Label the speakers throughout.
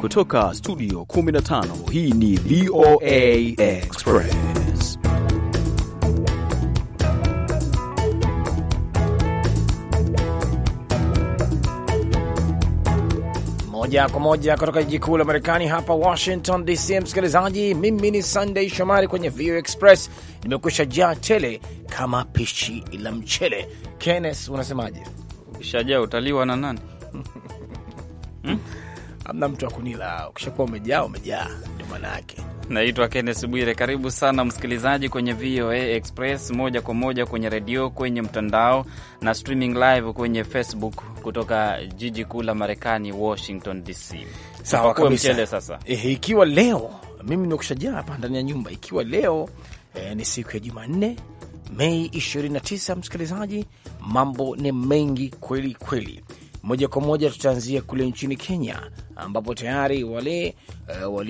Speaker 1: Kutoka studio 15 hii ni VOA Express.
Speaker 2: Moja kwa moja kutoka jiji kuu la Marekani hapa Washington DC, msikilizaji, mimi ni Sunday Shomari kwenye VOA Express, nimekwisha jaa tele kama pishi la mchele. Kenneth, unasemaje?
Speaker 3: Ukishajaa utaliwa na nani?
Speaker 2: hmm? amna mtu akunila. Ukishakuwa umejaa umejaa, ndio maana yake.
Speaker 3: Naitwa Kennes Bwire. Karibu sana msikilizaji kwenye VOA Express moja kwa moja kwenye redio, kwenye mtandao na streaming live kwenye Facebook kutoka jiji kuu la Marekani,
Speaker 2: Washington DC.
Speaker 4: Sawa kabisa. Mchele sasa.
Speaker 2: E, ikiwa leo mimi nikushajaa hapa ndani ya nyumba, ikiwa leo e, ni siku ya Jumanne Mei 29, msikilizaji, mambo ni mengi kweli kweli. Moja kwa moja tutaanzia kule nchini Kenya ambapo tayari wale uh,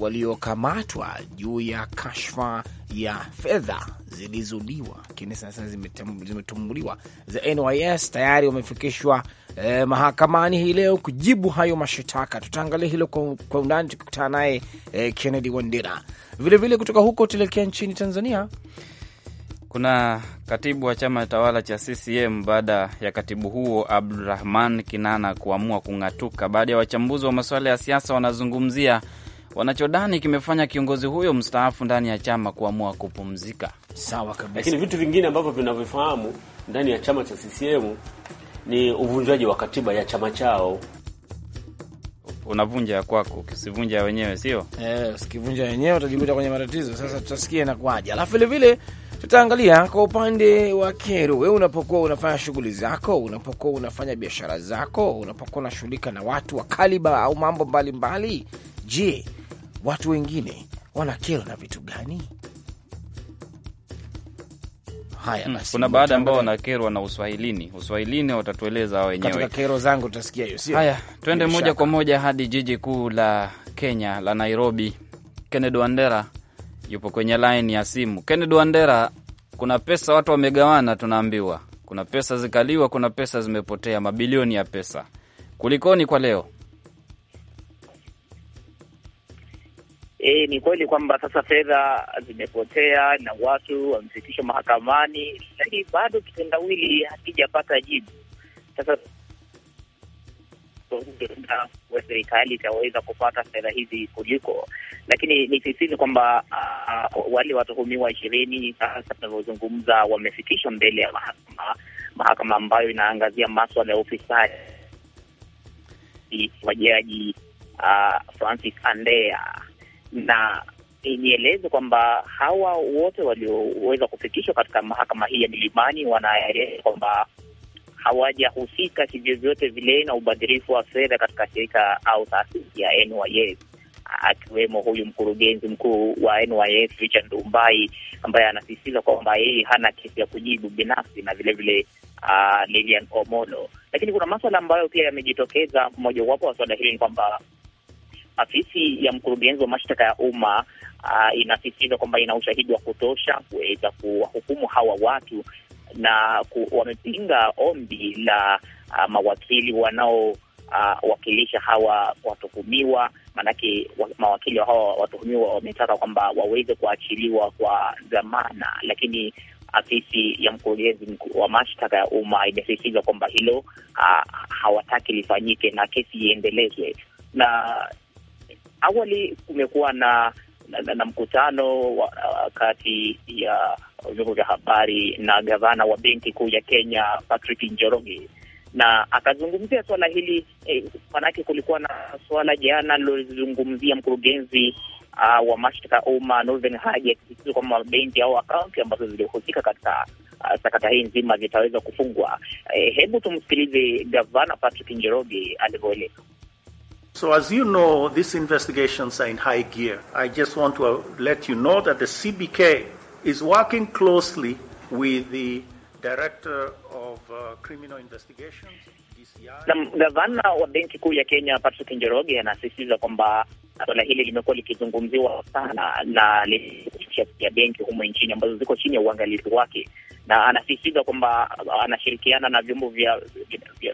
Speaker 2: waliokamatwa walio juu ya kashfa ya fedha zilizuliwa lakini sasa zimetumbuliwa za NYS tayari wamefikishwa eh, mahakamani hii leo kujibu hayo mashitaka. Tutaangalia hilo kwa, kwa undani tukikutana naye eh, Kennedy Wandera. Vilevile kutoka huko tuelekea nchini Tanzania
Speaker 3: kuna katibu wa chama tawala cha CCM baada ya katibu huo Abdurahman Kinana kuamua kung'atuka. Baada ya wachambuzi wa masuala ya siasa wanazungumzia wanachodani kimefanya kiongozi huyo mstaafu ndani ya chama kuamua kupumzika. Sawa
Speaker 4: kabisa, lakini vitu vingine ambavyo vinavyofahamu ndani ya chama cha CCM ni uvunjwaji wa katiba ya chama chao. Unavunja ya kwako, ukisivunja wenyewe sio
Speaker 2: eh, ukivunja wenyewe utajikuta kwenye matatizo. Sasa tutasikia inakuwaje, alafu vilevile Tutaangalia kwa upande wa kero, wewe unapokuwa unafanya shughuli zako, unapokuwa unafanya biashara zako, unapokuwa unashughulika na watu wa kaliba au mambo mbalimbali, je, watu wengine wana kero na vitu gani?
Speaker 3: Haya hmm, basi, kuna baada ambao wanakerwa na uswahilini. Uswahilini watatueleza wao wenyewe. Katika
Speaker 2: kero zangu utasikia hiyo, sio? Haya, twende moja kwa
Speaker 3: moja hadi jiji kuu la Kenya la Nairobi. Kennedy Wandera yupo kwenye laini ya simu. Kennedy Wandera, kuna pesa watu wamegawana, tunaambiwa kuna pesa zikaliwa, kuna pesa zimepotea, mabilioni ya pesa. Kulikoni kwa leo?
Speaker 5: E, ni kweli kwamba sasa fedha zimepotea na watu wamefikishwa mahakamani, lakini bado kitendawili hakijapata jibu. Sasa wa serikali itaweza kupata fedha hizi kuliko, lakini ni sisini kwamba uh, wale watuhumiwa ishirini sasa tunavyozungumza wamefikishwa mbele ya mahakama, mahakama ambayo inaangazia maswala ya ufisadi. jaji uh, Francis Andea na nieleze kwamba hawa wote walioweza kufikishwa katika mahakama hii ya Milimani wanaeleza kwamba hawajahusika kivyovyote vile na ubadhirifu wa fedha katika shirika au taasisi ya NYS, akiwemo huyu mkurugenzi mkuu wa NYS Richard Ndumbai ambaye anasisitiza kwamba yeye hana kesi ya kujibu binafsi na vilevile vile, uh, Lilian Omolo. Lakini kuna maswala ambayo pia yamejitokeza. Mojawapo wa swala hili ni kwamba afisi ya mkurugenzi wa mashtaka ya umma uh, inasisitiza kwamba ina ushahidi wa kutosha kuweza kuwahukumu hawa watu na ku, wamepinga ombi la uh, mawakili wanaowakilisha ah, uh, hawa watuhumiwa. Maanake wa, mawakili wa hawa watuhumiwa wametaka kwamba waweze kuachiliwa kwa dhamana, lakini afisi ah, ya mkurugenzi wa mashtaka ya umma imesisitiza kwamba hilo uh, hawataki lifanyike na kesi iendelezwe. Na awali kumekuwa na na, na, na mkutano wa, uh, kati ya vyombo vya habari na gavana wa benki kuu ya Kenya Patrick Njoroge na akazungumzia suala hili eh, manake kulikuwa na swala jana lilozungumzia mkurugenzi uh, wa mashtaka ya umma Northern Haji akisisitiza kwamba benki au akaunti ambazo zilihusika katika uh, sakata hii nzima zitaweza kufungwa. Eh, hebu tumsikilize gavana Patrick Njoroge alivyoeleza.
Speaker 1: So as you know, these investigations are in high gear. I just want to let you know that the CBK is working closely with the Director of uh, Criminal Investigations. Gavana wa Benki
Speaker 5: Kuu ya Kenya Patrick Njoroge anasisitiza kwamba swala hili limekuwa likizungumziwa sana na benki humo nchini ambazo ziko chini ya uangalizi wake na anasisitiza kwamba anashirikiana na vyombo vya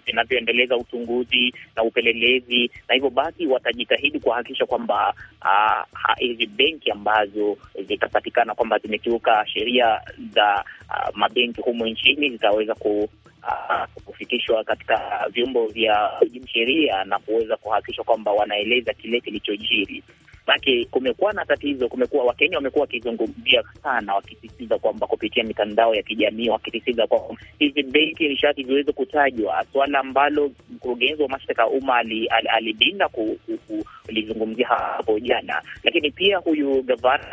Speaker 5: vinavyoendeleza uchunguzi na upelelezi, na hivyo basi watajitahidi kuhakikisha kwamba hizi benki ambazo zitapatikana kwamba zimekiuka sheria za uh, mabenki humu nchini zitaweza ku Uh, kufikishwa katika vyombo vya sheria na kuweza kuhakikisha kwamba wanaeleza kile kilichojiri. Maanake kumekuwa na tatizo, kumekuwa Wakenya wamekuwa wakizungumzia sana, wakisisitiza kwamba kupitia mitandao ya kijamii, wakisisitiza kwamba hizi benki nishati ziweze kutajwa, swala ambalo mkurugenzi wa mashtaka ya umma ali kulizungumzia ku, ku, hapo jana. Lakini pia huyu gavana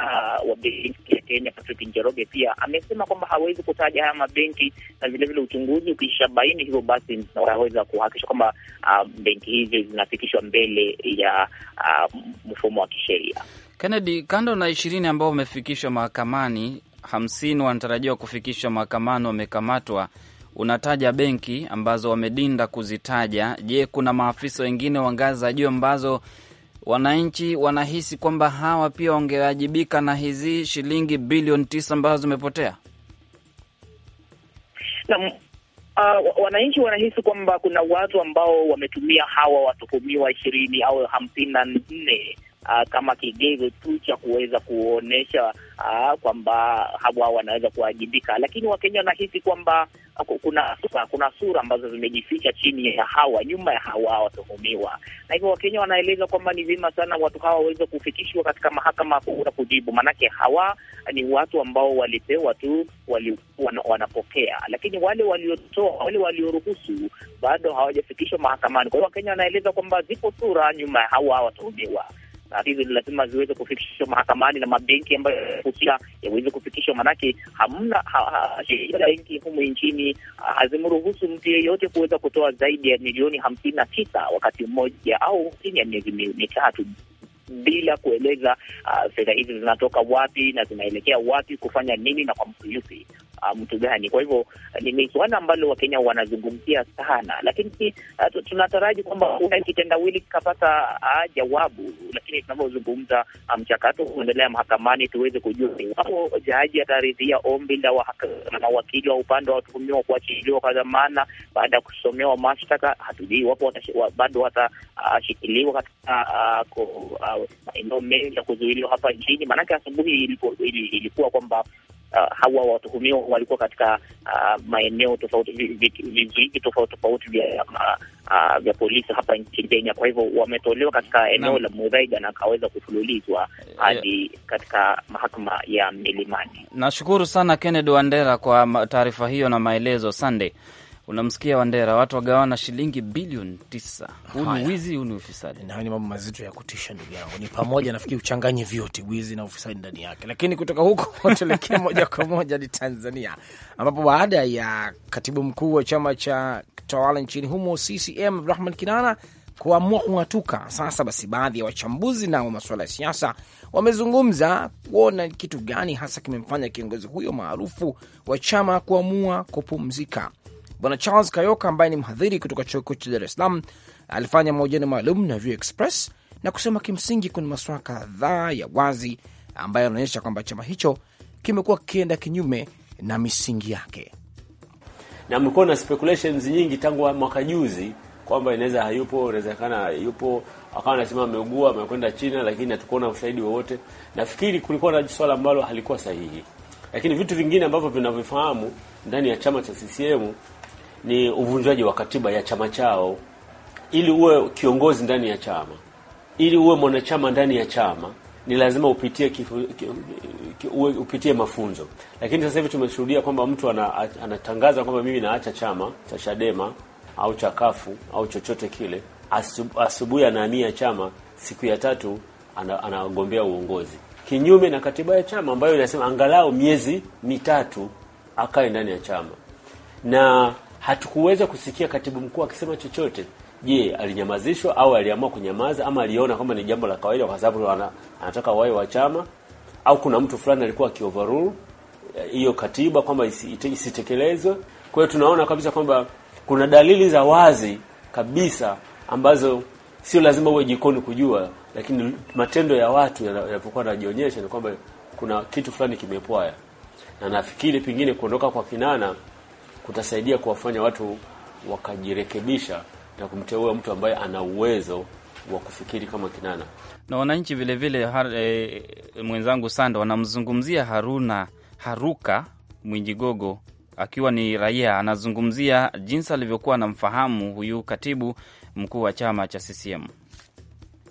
Speaker 5: uh, wa benki ya Kenya Patrick Njoroge pia amesema kwamba hawezi kutaja haya mabenki, na vilevile uchunguzi ukishabaini hivyo, basi wanaweza kuhakikisha kwamba uh, benki hizi zinafikishwa mbele ya uh, mfumo wa kisha sheria.
Speaker 3: Kennedy, kando na ishirini ambao wamefikishwa mahakamani, hamsini wanatarajiwa kufikishwa mahakamani, wamekamatwa. Unataja benki ambazo wamedinda kuzitaja. Je, kuna maafisa wengine wa ngazi za juu ambazo wananchi wanahisi kwamba hawa pia wangewajibika na hizi shilingi bilioni tisa ambazo zimepotea?
Speaker 5: Naam. Uh, wananchi wanahisi kwamba kuna watu ambao wametumia hawa watuhumiwa ishirini au hamsini na nne uh, kama kigezo tu cha kuweza kuonyesha uh, ah, kwamba hawa wanaweza kuwajibika, lakini Wakenya wanahisi kwamba kuna sura, kuna sura ambazo zimejificha chini ya hawa, nyuma ya hawa watuhumiwa, na hivyo Wakenya wanaeleza kwamba ni vyema sana watu hawa waweze kufikishwa katika mahakama kuweza kujibu, maanake hawa ni watu ambao walipewa tu, wali, wan, wanapokea, lakini wale waliotoa, wale walioruhusu bado hawajafikishwa mahakamani. Kwa hiyo Wakenya wanaeleza kwamba zipo sura nyuma ya hawa watuhumiwa ni lazima ziweze kufikishwa mahakamani na mabenki ambayo yanahusia yaweze kufikishwa, maanake hamna benki humu nchini hazimruhusu mtu yeyote kuweza kutoa zaidi ya milioni hamsini na tisa wakati mmoja au chini ya miezi mitatu bila kueleza uh, fedha hizi zinatoka wapi na zinaelekea wapi, kufanya nini na kwa mtu yupi uh, mtu gani. Kwa hivyo uh, ni suala ambalo Wakenya wanazungumzia sana, lakini uh, tunataraji kwamba huenda kitendawili kikapata uh, jawabu, lakini tunavyozungumza uh, mchakato um, kuendelea mahakamani, tuweze kujua iwapo jaji ataridhia ombi la mawakili wa upande wa watuhumiwa kuachiliwa kwa dhamana baada ya kusomewa mashtaka. Hatujui iwapo bado watashikiliwa uh, katika uh, maeneo uh, uh, mengi ya kuzuiliwa hapa nchini, maanake asubuhi ilikuwa kwamba uh, hawa watuhumiwa walikuwa katika uh, maeneo tofauti, vizuizi tofauti tofauti vya uh, vya polisi hapa nchini Kenya. Kwa hivyo wametolewa katika eneo na la Muthaiga na akaweza kufululizwa eh, hadi yeah, katika mahakama ya Milimani.
Speaker 3: Nashukuru sana Kennedy Wandera kwa taarifa hiyo na maelezo. Sunday Unamsikia Wandera, watu wagawana shilingi bilioni tisa. Huu ni
Speaker 2: wizi, huu ni ufisadi, na ni mambo mazito ya kutisha, ndugu yangu. Ni pamoja nafikiri uchanganye vyote, wizi na ufisadi ndani yake. Lakini kutoka huko tuelekee moja kwa moja ni Tanzania, ambapo baada ya katibu mkuu wa chama cha tawala nchini humo CCM Abdurahman Kinana kuamua kung'atuka. Sasa basi, baadhi ya wachambuzi nao masuala ya siasa wamezungumza kuona kitu gani hasa kimemfanya kiongozi huyo maarufu wa chama kuamua kupumzika. Bwana Charles Kayoka ambaye ni mhadhiri kutoka chuo kikuu cha Dar es Salaam alifanya mahojiano maalum na View Express na kusema kimsingi kuna masuala kadhaa ya wazi ambayo yanaonyesha kwamba chama hicho kimekuwa kikienda kinyume na misingi yake,
Speaker 4: na mekuwa na speculations nyingi tangu mwaka juzi kwamba inaweza hayupo, inawezekana yupo, akawa anasema ameugua, amekwenda China, lakini hatukuona ushahidi wowote. Nafikiri kulikuwa na swala ambalo halikuwa sahihi, lakini vitu vingine ambavyo vinavyofahamu ndani ya chama cha CCM ni uvunjwaji wa katiba ya chama chao. Ili uwe kiongozi ndani ya chama, ili uwe mwanachama ndani ya chama, ni lazima upitie kifu, upitie mafunzo. Lakini sasa hivi tumeshuhudia kwamba mtu ana, anatangaza kwamba mimi naacha chama cha Chadema au cha Kafu au chochote kile, asubuhi anaania chama, siku ya tatu anagombea ana uongozi kinyume na katiba ya chama ambayo inasema angalau miezi mitatu akae ndani ya chama na hatukuweza kusikia katibu mkuu akisema chochote. Je, alinyamazishwa au aliamua kunyamaza ama aliona kwamba ni jambo la kawaida kwa sababu ana, anataka wai wa chama au kuna mtu fulani alikuwa akioverrule eh, hiyo katiba kwamba isitekelezwe. Kwa hiyo tunaona kabisa kwamba kuna dalili za wazi kabisa ambazo sio lazima uwe jikoni kujua, lakini matendo ya watu yanapokuwa yanajionyesha ni kwamba kuna kitu fulani kimepwaya, na nafikiri pengine kuondoka kwa Kinana kutasaidia kuwafanya watu wakajirekebisha na kumteua mtu ambaye ana uwezo wa kufikiri kama Kinana.
Speaker 3: Na wananchi vilevile e, eh, mwenzangu Sanda wanamzungumzia Haruna Haruka Mwinjigogo akiwa ni raia, anazungumzia jinsi alivyokuwa anamfahamu huyu katibu mkuu wa chama cha CCM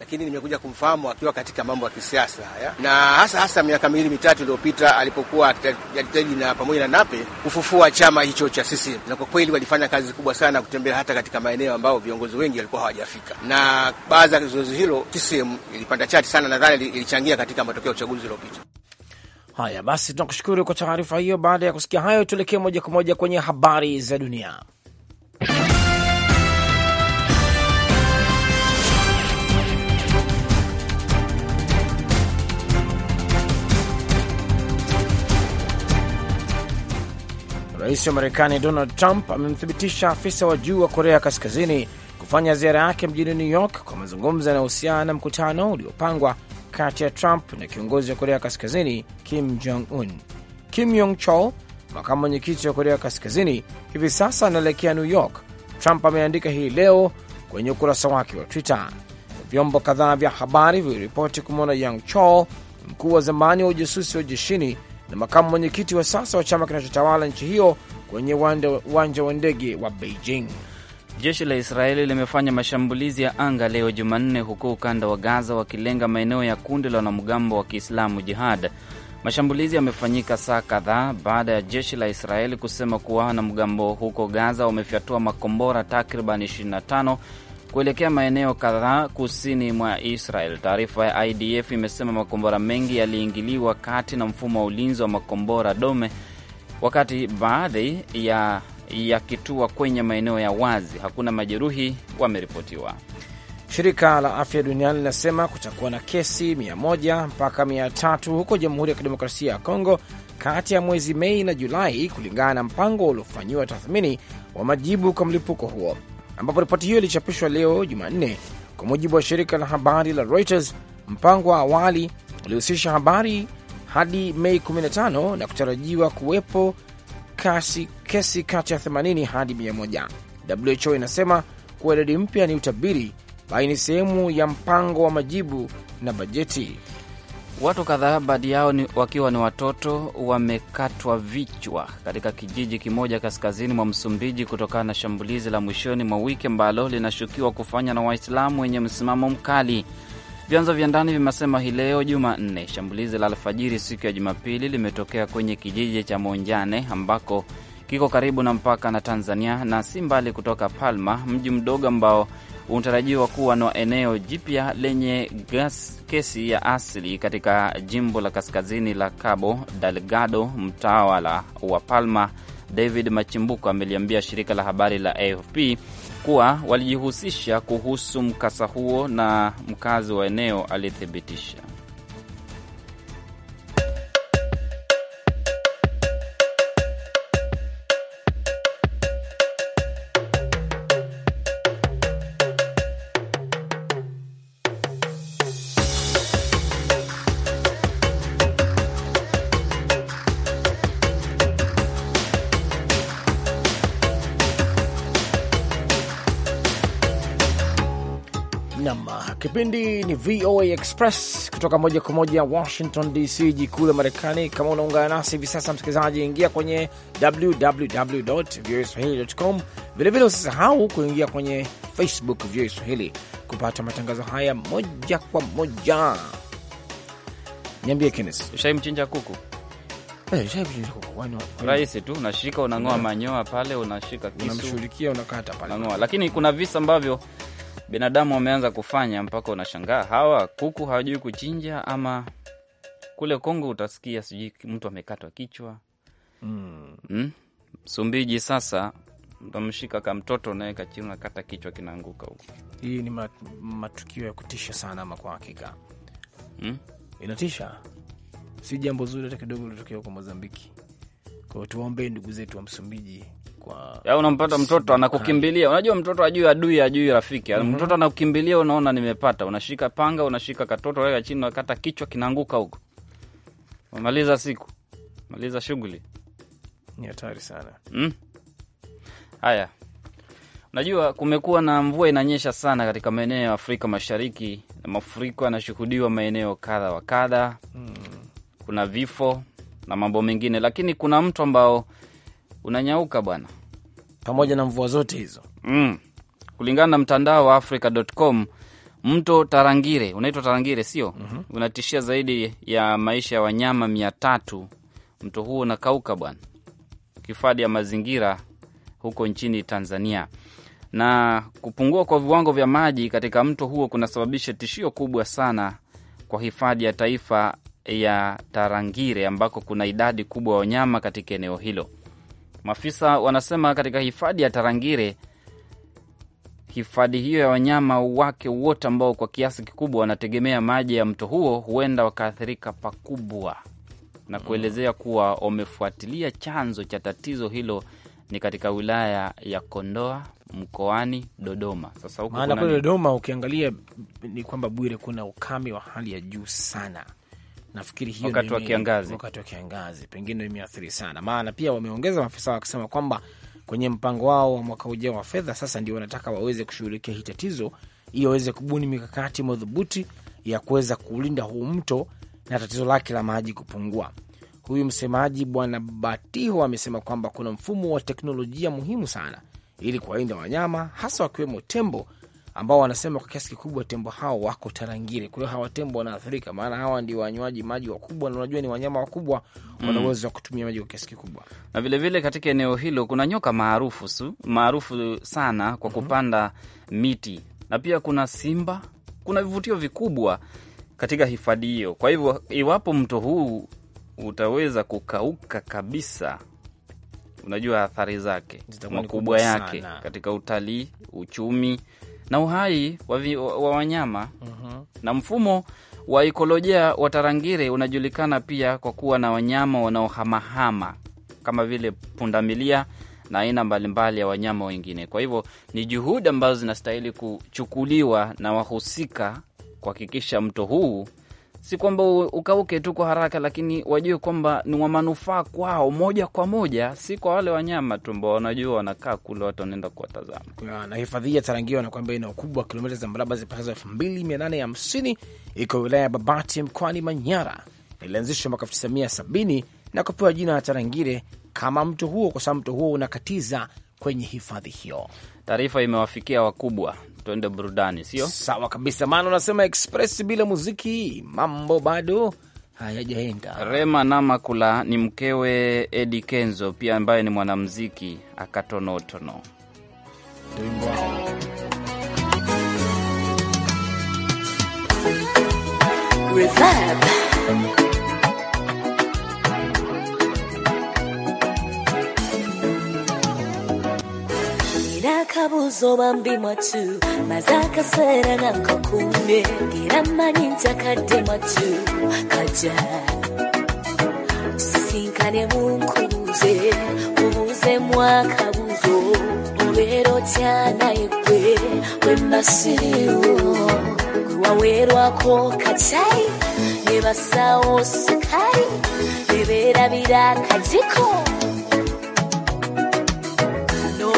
Speaker 4: lakini nimekuja kumfahamu akiwa katika mambo ya kisiasa haya, na hasa hasa miaka miwili mitatu iliyopita alipokuwa akijitahidi na pamoja na Nape kufufua chama hicho cha CCM, na kwa kweli walifanya kazi kubwa sana kutembea hata katika maeneo ambayo viongozi wengi walikuwa hawajafika, na baada ya zoezi hilo CCM ilipanda chati sana, nadhani ilichangia katika matokeo ya uchaguzi uliopita.
Speaker 2: Haya basi, tunakushukuru kwa taarifa hiyo. Baada ya kusikia hayo, tuelekee moja kwa moja kwenye habari za dunia. Rais wa Marekani Donald Trump amemthibitisha afisa wa juu wa Korea Kaskazini kufanya ziara yake mjini New York kwa mazungumzo yanayohusiana na mkutano uliopangwa kati ya Trump na kiongozi wa Korea Kaskazini Kim Jong Un. Kim Yong Chol, makamu mwenyekiti wa Korea Kaskazini, hivi sasa anaelekea New York. Trump ameandika hii leo kwenye ukurasa wake wa Twitter. Vyombo kadhaa vya habari viliripoti kumwona Yong Chol, mkuu wa zamani wa ujasusi wa jeshini na makamu mwenyekiti wa sasa wa chama kinachotawala nchi hiyo kwenye uwanja wa ndege wa Beijing.
Speaker 3: Jeshi la Israeli limefanya mashambulizi ya anga leo Jumanne huko ukanda wa Gaza, wakilenga maeneo ya kundi la wanamgambo wa Kiislamu Jihad. Mashambulizi yamefanyika saa kadhaa baada ya jeshi la Israeli kusema kuwa wanamgambo huko Gaza wamefyatua makombora takriban 25 kuelekea maeneo kadhaa kusini mwa Israel. Taarifa ya IDF imesema makombora mengi yaliingiliwa kati na mfumo wa ulinzi wa makombora dome, wakati baadhi ya yakitua kwenye maeneo ya wazi. Hakuna majeruhi wameripotiwa.
Speaker 2: Shirika la Afya Duniani linasema kutakuwa na kesi 100 mpaka 300 huko Jamhuri ya Kidemokrasia ya Kongo kati ya mwezi Mei na Julai, kulingana na mpango uliofanyiwa tathmini wa majibu kwa mlipuko huo ambapo ripoti hiyo ilichapishwa leo Jumanne. Kwa mujibu wa shirika la habari la Reuters, mpango wa awali ulihusisha habari hadi Mei 15 na kutarajiwa kuwepo kasi, kesi kati ya 80 hadi 100. WHO inasema kuwa idadi mpya ni utabiri bali ni sehemu ya mpango wa majibu na bajeti. Watu kadhaa, baadhi
Speaker 3: yao ni wakiwa ni watoto, wamekatwa vichwa katika kijiji kimoja kaskazini mwa Msumbiji kutokana na shambulizi la mwishoni mwa wiki ambalo linashukiwa kufanywa na Waislamu wenye msimamo mkali. Vyanzo vya ndani vimesema hii leo Jumanne shambulizi la alfajiri siku ya Jumapili limetokea kwenye kijiji cha Monjane ambako kiko karibu na mpaka na Tanzania na si mbali kutoka Palma, mji mdogo ambao unatarajiwa kuwa na eneo jipya lenye gas kesi ya asili katika jimbo la kaskazini la Cabo Delgado. Mtawala wa Palma David Machimbuko ameliambia shirika la habari la AFP kuwa walijihusisha kuhusu mkasa huo na mkazi wa eneo alithibitisha.
Speaker 2: kipindi ni VOA Express kutoka moja kwa moja Washington DC, jikuu la Marekani. Kama unaungana nasi hivi sasa, msikilizaji, ingia kwenye www voa swahili.com. Vilevile usisahau kuingia kwenye Facebook VOA Swahili kupata matangazo haya moja kwa moja. Niambie
Speaker 3: ushai mchinja kuku?
Speaker 2: Eh, Rahisi
Speaker 3: tu, unashika unang'oa manyoa pale, unashika kisu, unamshughulikia, unakata pale, unang'oa. Lakini kuna visa ambavyo binadamu wameanza kufanya mpaka unashangaa hawa kuku hawajui kuchinja. Ama kule Kongo utasikia sijui mtu amekatwa kichwa
Speaker 2: mm. Mm?
Speaker 3: Msumbiji sasa utamshika ka mtoto unaweka chini, unakata kichwa kinaanguka huko.
Speaker 2: Hii ni mat, matukio ya kutisha sana, ama kwa hakika mm? Inatisha, si jambo zuri hata kidogo lilotokea huko Mozambiki. Kwa hiyo tuwaombee ndugu zetu wa Msumbiji kwa ya unampata mtoto anakukimbilia.
Speaker 3: Unajua mtoto ajui adui ajui rafiki, mm -hmm. mtoto anakukimbilia, unaona nimepata, unashika panga, unashika katoto, weka chini, unakata kichwa, kinaanguka huko, umaliza siku, maliza shughuli.
Speaker 2: Ni hatari sana
Speaker 3: mm? Haya, unajua kumekuwa na mvua inanyesha sana katika maeneo ya Afrika Mashariki na mafuriko yanashuhudiwa maeneo kadha wa kadha mm. Kuna vifo na mambo mengine, lakini kuna mtu ambao unanyauka bwana, pamoja na mvua zote hizo mm. Kulingana na mtandao wa Africa.com, mto Tarangire unaitwa Tarangire sio? mm -hmm. Unatishia zaidi ya maisha ya wanyama mia tatu. Mto huo unakauka bwana, hifadhi ya mazingira huko nchini Tanzania. Na kupungua kwa viwango vya maji katika mto huo kunasababisha tishio kubwa sana kwa hifadhi ya taifa ya Tarangire ambako kuna idadi kubwa ya wanyama katika eneo hilo. Maafisa wanasema katika hifadhi ya Tarangire, hifadhi hiyo ya wanyama wake wote ambao kwa kiasi kikubwa wanategemea maji ya mto huo, huenda wakaathirika pakubwa, na kuelezea mm. kuwa wamefuatilia chanzo cha tatizo hilo ni katika wilaya ya Kondoa mkoani Dodoma. Sasa huko Dodoma
Speaker 2: ukiangalia ni kwamba Bwire, kuna ukame wa hali ya juu sana nafikiri hiyo wakati wa kiangazi, wakati wa kiangazi pengine imeathiri sana, maana pia wameongeza maafisa wakisema kwamba kwenye mpango wao wa mwaka ujao wa fedha sasa ndio wanataka waweze kushughulikia hii tatizo ili waweze kubuni mikakati madhubuti ya kuweza kulinda huu mto na tatizo lake la maji kupungua. Huyu msemaji Bwana Batiho amesema kwamba kuna mfumo wa teknolojia muhimu sana ili kuwalinda wanyama hasa wakiwemo tembo ambao wanasema kwa kiasi kikubwa tembo hao wako Tarangire. Kwa hiyo hawa tembo wanaathirika, maana hawa ndio wanywaji maji wakubwa, na unajua ni wanyama wakubwa, mm. wana uwezo wa kutumia maji kwa kiasi kikubwa.
Speaker 3: Na vilevile katika eneo hilo kuna nyoka maarufu su maarufu sana kwa mhm. kupanda miti, na pia kuna simba, kuna vivutio vikubwa katika hifadhi hiyo. Kwa hivyo iwapo mto huu utaweza kukauka kabisa, unajua athari zake makubwa yake sana katika utalii, uchumi na uhai wa, vi, wa, wanyama wanyama mhm. huh Na mfumo wa ikolojia wa Tarangire unajulikana pia kwa kuwa na wanyama wanaohamahama kama vile pundamilia na aina mbalimbali ya wanyama wengine. Kwa hivyo ni juhudi ambazo zinastahili kuchukuliwa na wahusika kuhakikisha mto huu si kwamba ukauke tu kwa haraka, lakini wajue kwamba ni wa manufaa kwao moja kwa moja, si kwa wale wanyama tu ambao wanajua wanakaa kule, watu wanaenda kuwatazama.
Speaker 2: Na hifadhi ya Tarangire wanakwambia ina ukubwa wa kilomita za mraba zipatazo elfu mbili mia nane hamsini iko wilaya ya Babati mkoani Manyara. Ilianzishwa mwaka sabini na kupewa jina la Tarangire kama mto huo, kwa sababu mto huo unakatiza kwenye hifadhi hiyo. Taarifa imewafikia wakubwa tuende burudani, sio sawa kabisa, maana unasema express bila muziki mambo bado hayajaenda.
Speaker 3: Rema Namakula ni mkewe edi Kenzo pia ambaye ni mwanamziki akatonotono
Speaker 6: Reverb. kabuzo bambi mwattu maze akaseera nga nkakuumye mani mmanyi ntakadde mwattu kajja tusinkane munkubuuze obuuzemu akabuzo obeera otya naye gwe wemmasiriwo gwe waweerwako kacayi ne basawo sukayi ne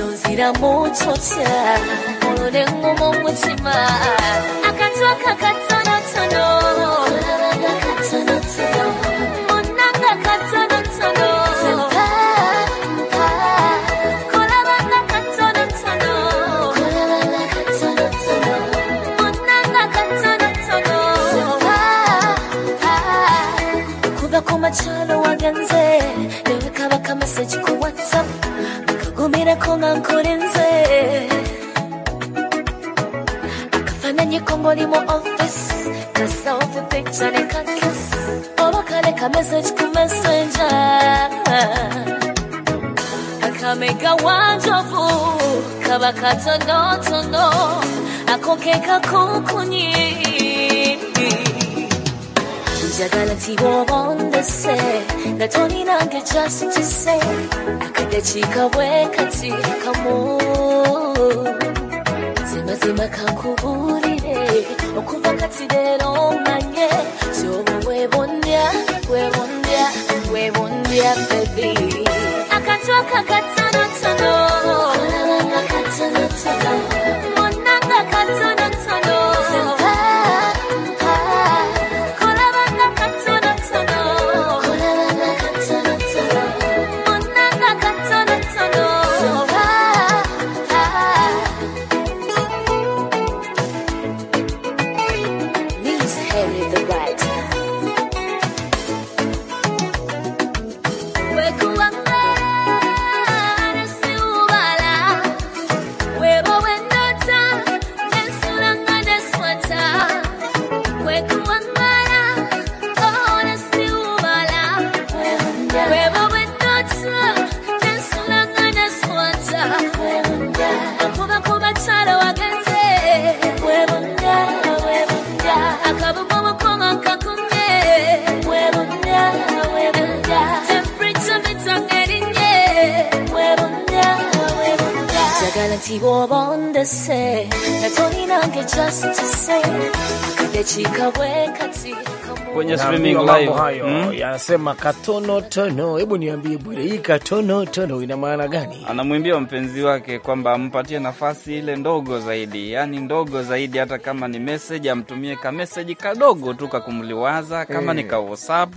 Speaker 6: ndonziramu totya olwo ne ŋŋoma omutima akatwa kakatonotono 달콤한 그림새 I could find a new in my office That's all the picture I can kiss Oh, I can make a message to messenger I can make a wonderful Kabakata no to no I can make a cocoon a galaxy war on the sea na toni nange just to say akadachikawe katika mu zimazima kakuburire okuva kati rero manye we webondya webondya webondya baby akatwaka katonotono akatwaka katonotono
Speaker 3: mambo hayo mm,
Speaker 2: yanasema katono tono. Hebu niambie bwana, hii katono tono ina maana gani?
Speaker 3: Anamwimbia mpenzi wake kwamba ampatie nafasi ile ndogo zaidi, yaani ndogo zaidi, hata kama ni meseji amtumie kameseji kadogo tu kakumliwaza, kama hey, ni eh. ka WhatsApp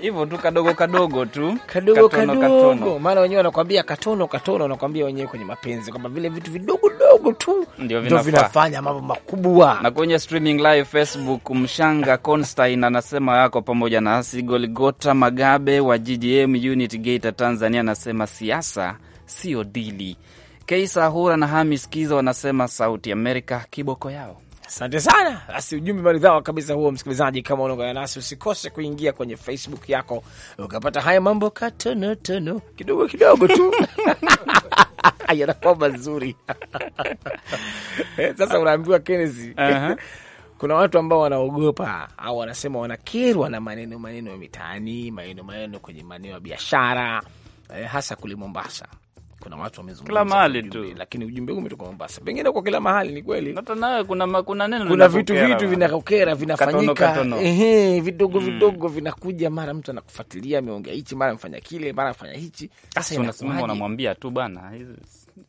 Speaker 3: hivyo tu kadogo kadogo tu kadogo kadogo,
Speaker 2: maana wenyewe wanakwambia katono katono, wanakwambia wenyewe kwenye mapenzi kwamba vile vitu vidogo dogo
Speaker 3: tu ndio vinafanya mambo makubwa. Na kwenye streaming live Facebook, Mshanga Constein anasema yako pamoja na sigoligota Magabe wa GGM Unit Gate Tanzania anasema siasa sio dili. Keisa Hura na Hamis Kiza wanasema Sauti Amerika kiboko yao Asante sana.
Speaker 2: Basi ujumbe maridhawa kabisa huo, msikilizaji. Kama unaungana nasi, usikose kuingia kwenye Facebook yako ukapata haya mambo katonotono kidogo kidogo tu yanakuwa mazuri Sasa unaambiwa Kenesi, uh -huh. kuna watu ambao wanaogopa au wanasema wanakerwa na maneno maneno ya mitaani, maneno maneno kwenye maeneo ya biashara eh, hasa kule Mombasa kuna watu wamezungumza mahali tu, lakini ujumbe huu umetoka Mombasa, pengine kwa kila mahali. Ni kweli hata nawe kuna, kuna neno kuna vitu vitu vinakokera vinafanyika, ehe, vidogo mm. vidogo vinakuja, mara mtu anakufuatilia ameongea hichi, mara mfanya kile, mara mfanya hichi. Sasa unasimama unamwambia tu bana,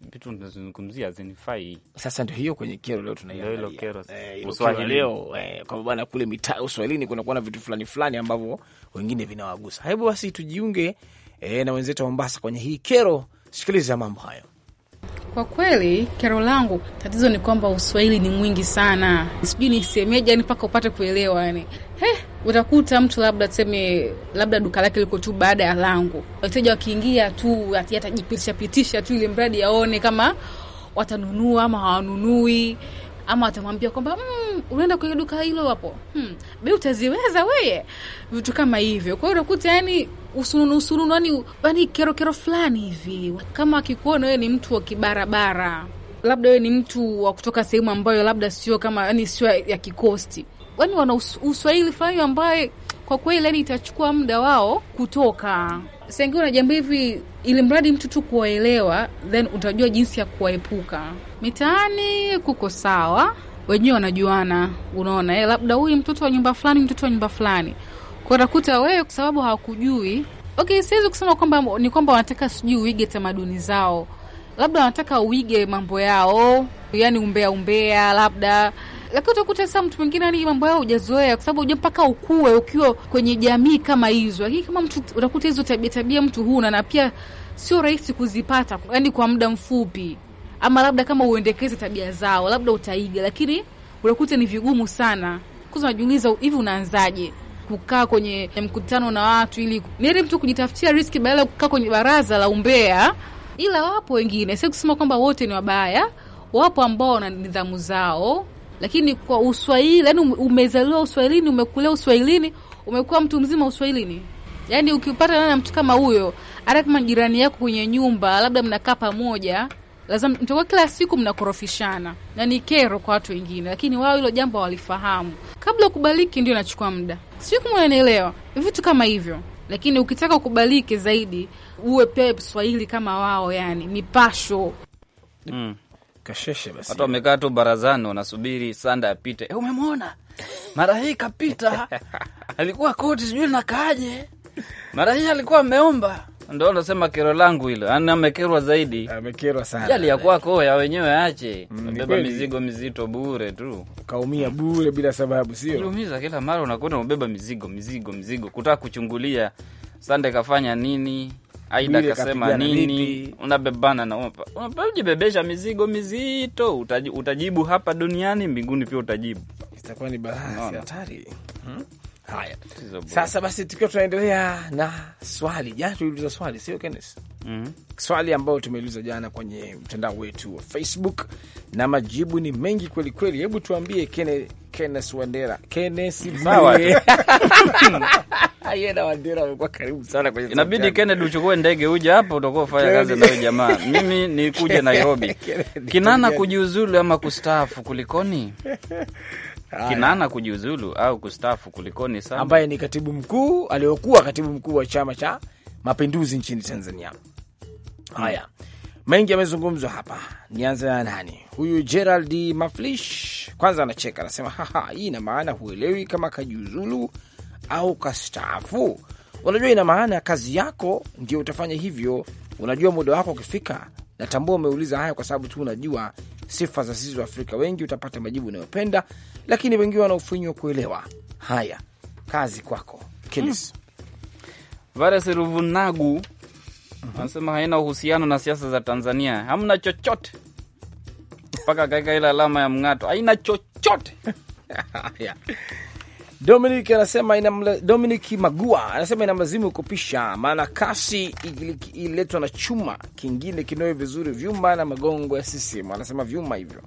Speaker 2: vitu tunazungumzia zinifai. Sasa ndio hiyo kwenye kero leo tunaiangalia eh, Uswahili leo eh, kwa bana kule mitaa Uswahilini kuna kuna vitu fulani fulani ambavyo wengine vinawagusa. Hebu basi tujiunge eh, na wenzetu wa Mombasa kwenye hii kero Sikiliza mambo hayo.
Speaker 7: Kwa kweli kero langu, tatizo ni kwamba uswahili ni mwingi sana, sijui nisemeje, yani mpaka upate kuelewa yani. He, utakuta mtu labda tuseme labda duka lake liko tu baada ya langu, wateja wakiingia tu atajipitisha pitisha tu, ili mradi aone kama watanunua ama hawanunui, ama watamwambia kwamba mm, Hmm, unaenda kwenye duka hilo hapo, hmm, bei utaziweza wewe, vitu kama hivyo. Kwa hiyo unakuta yani usununu usununu, yani yani kero kero fulani hivi, kama akikuona wewe ni mtu wa kibarabara, labda wewe ni mtu wa kutoka sehemu ambayo labda sio kama yani sio ya kikosti, yani wana uswahili fulani ambaye kwa kweli yani itachukua muda wao kutoka sengi na jambo hivi, ili mradi mtu tu kuwaelewa, then utajua jinsi ya kuwaepuka. Mitaani kuko sawa, wenyewe wanajuana, unaona eh, labda huyu mtoto wa nyumba fulani, mtoto wa nyumba fulani, kwa utakuta wewe kwa sababu hawakujui. Okay, siwezi kusema kwamba ni kwamba wanataka sijui uige tamaduni zao, labda wanataka uige mambo yao, yani umbea umbea labda lakini utakuta sasa mtu mwingine ani mambo yao hujazoea, kwa sababu mpaka ukue ukiwa kwenye jamii kama hizo, lakini kama mtu utakuta hizo tabia tabia mtu huna, na pia sio rahisi kuzipata, yani kwa muda mfupi ama labda kama uendekeze tabia zao, labda utaiga, lakini unakuta ni vigumu sana. Kwanza unajiuliza hivi, unaanzaje kukaa kwenye mkutano na watu ili nili mtu kujitafutia riski badala ya kukaa kwenye baraza la umbea. Ila wapo wengine, si kusema kwamba wote ni wabaya, wapo ambao wana nidhamu zao, lakini kwa uswahili, yani umezaliwa uswahilini, umekulia uswahilini, umekuwa mtu mzima uswahilini. Yani ukipata na mtu kama huyo, hata kama jirani yako kwenye nyumba, labda mnakaa pamoja lazima mtakuwa kila siku mnakorofishana na ni kero kwa watu wengine, lakini wao hilo jambo walifahamu kabla ukubaliki. Ndio inachukua muda, sijui kama unanielewa, vitu kama hivyo. Lakini ukitaka ukubalike zaidi, uwe pia Swahili kama wao, yani mipasho
Speaker 3: mm. Kasheshe basi, watu wamekaa tu barazani, wanasubiri sanda apite. E,
Speaker 7: umemwona
Speaker 3: mara hii kapita, alikuwa koti sijui nakaaje, mara hii alikuwa ameomba ndo nasema kero langu hilo, yaani amekerwa zaidi, amekerwa sana. Jali ya kwako ya wenyewe aache, mm, beba mizigo mizito bure tu,
Speaker 2: kaumia bure bila sababu,
Speaker 3: sio kuumiza. Kila mara unakuta ubeba mizigo mizigo mizigo, kutaka kuchungulia Sande kafanya nini, Aida kasema nini, unabebana na unajibebesha mizigo mizito. Utajibu hapa duniani, mbinguni pia utajibu, itakuwa
Speaker 2: ni bahati hatari hmm? Haya, sasa basi, tukiwa tunaendelea na swali jana, tuliuliza swali, sio Kenes? mm -hmm. Swali ambayo tumeuliza jana kwenye mtandao wetu wa Facebook na majibu ni mengi kweli kweli. Hebu tuambie Kene, Kenes Wandera, Kenes yeye na Wandera karibu sana kwenye, inabidi Kennedy
Speaker 3: uchukue ndege uje hapa, utakuwa ufanya kazi na jamaa. Mimi ni kuja Nairobi. Kinana kujiuzulu ama kustaafu kulikoni? Kinana kujiuzulu au kustafu kulikoni sana, ambaye
Speaker 2: ni katibu mkuu aliyokuwa katibu mkuu wa Chama cha Mapinduzi nchini Tanzania. Hmm. Haya, hmm. Mengi yamezungumzwa hapa. Nianze na nani? Huyu Gerald Maflish kwanza anacheka, anasema haha, hii ina maana huelewi kama kajiuzulu au kastaafu. Unajua, ina maana kazi yako ndio utafanya hivyo. Unajua muda wako ukifika. Natambua umeuliza haya kwa sababu tu unajua sifa za sisi afrika wengi, utapata majibu unayopenda, lakini wengi wanaofinywa kuelewa. Haya, kazi kwako Kilis. Mm. Vares
Speaker 3: Ruvunagu mm -hmm. anasema haina uhusiano na siasa za Tanzania, hamna chochote mpaka kaika
Speaker 2: ile alama ya mng'ato, haina chochote Dominic anasema ina Dominic Magua anasema inamlazimu kupisha, maana kasi ililetwa na chuma kingine kinoe vizuri vyuma na magongo ya sisimu. Anasema vyuma hivyo.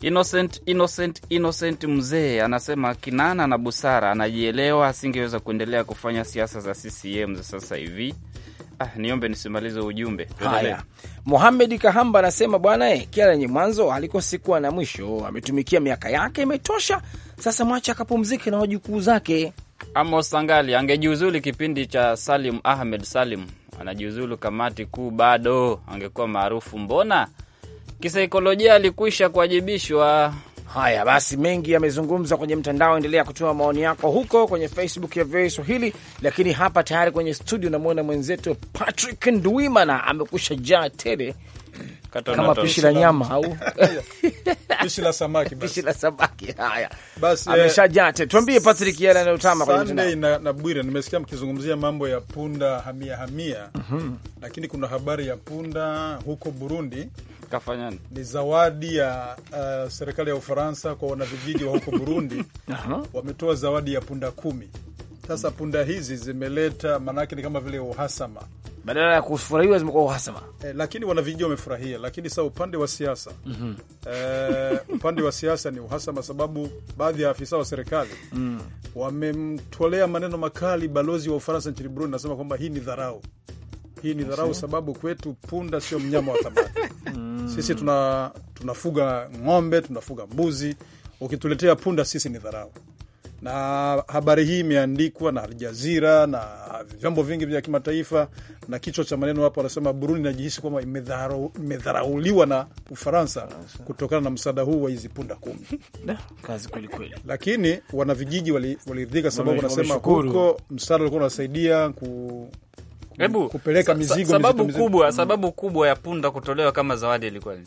Speaker 3: Innocent, Innocent, Innocent mzee anasema Kinana na busara, anajielewa, asingeweza kuendelea kufanya siasa za CCM za sasa hivi. Ah, niombe nisimalize ujumbe. Haya,
Speaker 2: Mohamed Kahamba anasema bwana, eh, kila lenye mwanzo halikosi kuwa na mwisho. Ametumikia miaka yake, imetosha sasa mwacha akapumzike na wajukuu zake.
Speaker 3: Amos Sangali angejiuzulu kipindi cha Salim Ahmed Salim, anajiuzulu kamati kuu, bado angekuwa maarufu. Mbona
Speaker 2: kisaikolojia alikwisha kuwajibishwa. Haya basi, mengi yamezungumza kwenye mtandao. Endelea kutuma maoni yako huko kwenye Facebook ya VOA Swahili, lakini hapa tayari kwenye studio namwona mwenzetu Patrick Ndwimana amekusha jaa tele kama pishi la nyama au
Speaker 1: pishi la samaki basi, pishi la samaki. Haya basi,
Speaker 2: eh, Tuambie Patrick, yale anayotama kwenye mtandao
Speaker 1: na, na Bwire, nimesikia mkizungumzia mambo ya punda hamia hamia, mhm. lakini kuna habari ya punda huko Burundi ni zawadi ya uh, serikali ya Ufaransa kwa wanavijiji wa huko Burundi wametoa zawadi ya punda kumi. Sasa punda hizi zimeleta, maanake ni kama vile uhasama badala ya kufurahiwa zimekuwa uhasama eh, lakini wanavijiji wamefurahia. Lakini sasa upande wa siasa mm -hmm. eh, upande wa siasa ni uhasama, sababu baadhi ya afisa wa serikali mm. wamemtolea maneno makali balozi wa Ufaransa nchini Burundi, nasema kwamba hii ni dharau, hii ni dharau, sababu kwetu punda sio mnyama wa thamani mm. Sisi tuna, tunafuga ng'ombe, tunafuga mbuzi. Ukituletea punda, sisi ni dharau. Na habari hii imeandikwa na Aljazira na vyombo vingi vya kimataifa, na kichwa cha maneno hapo anasema Burundi inajihisi kwamba imedharauliwa na Ufaransa kutokana na msaada huu wa hizi punda kumi. Kazi kweli kweli, lakini wanavijiji waliridhika, sababu wanasema huko msaada ulikuwa unasaidia Hebu kupeleka mizigo, sababu mizigo, kubwa
Speaker 3: mizigo. Mm. Sababu kubwa ya punda kutolewa kama zawadi
Speaker 1: ilikuwa ni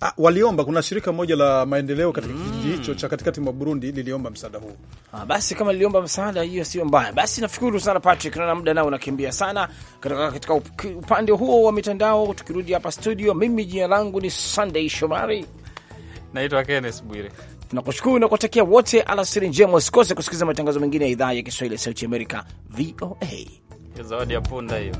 Speaker 1: Ah, waliomba. Kuna shirika moja la maendeleo katika mm. kijiji hicho cha katikati mwa Burundi liliomba msaada huu. Ah, basi kama liliomba msaada, hiyo sio mbaya. Basi nafikiri sana Patrick, naona muda nao
Speaker 2: unakimbia sana katika, katika upande huo wa mitandao. Tukirudi hapa studio, mimi jina langu ni Sunday Shomari, naitwa Kenneth Bwire. Tunakushukuru na kuwatakia wote alasiri njema. Usikose kusikiliza matangazo mengine ya idhaa ya Kiswahili ya Sauti Amerika, VOA
Speaker 3: zawadi ya punda hiyo.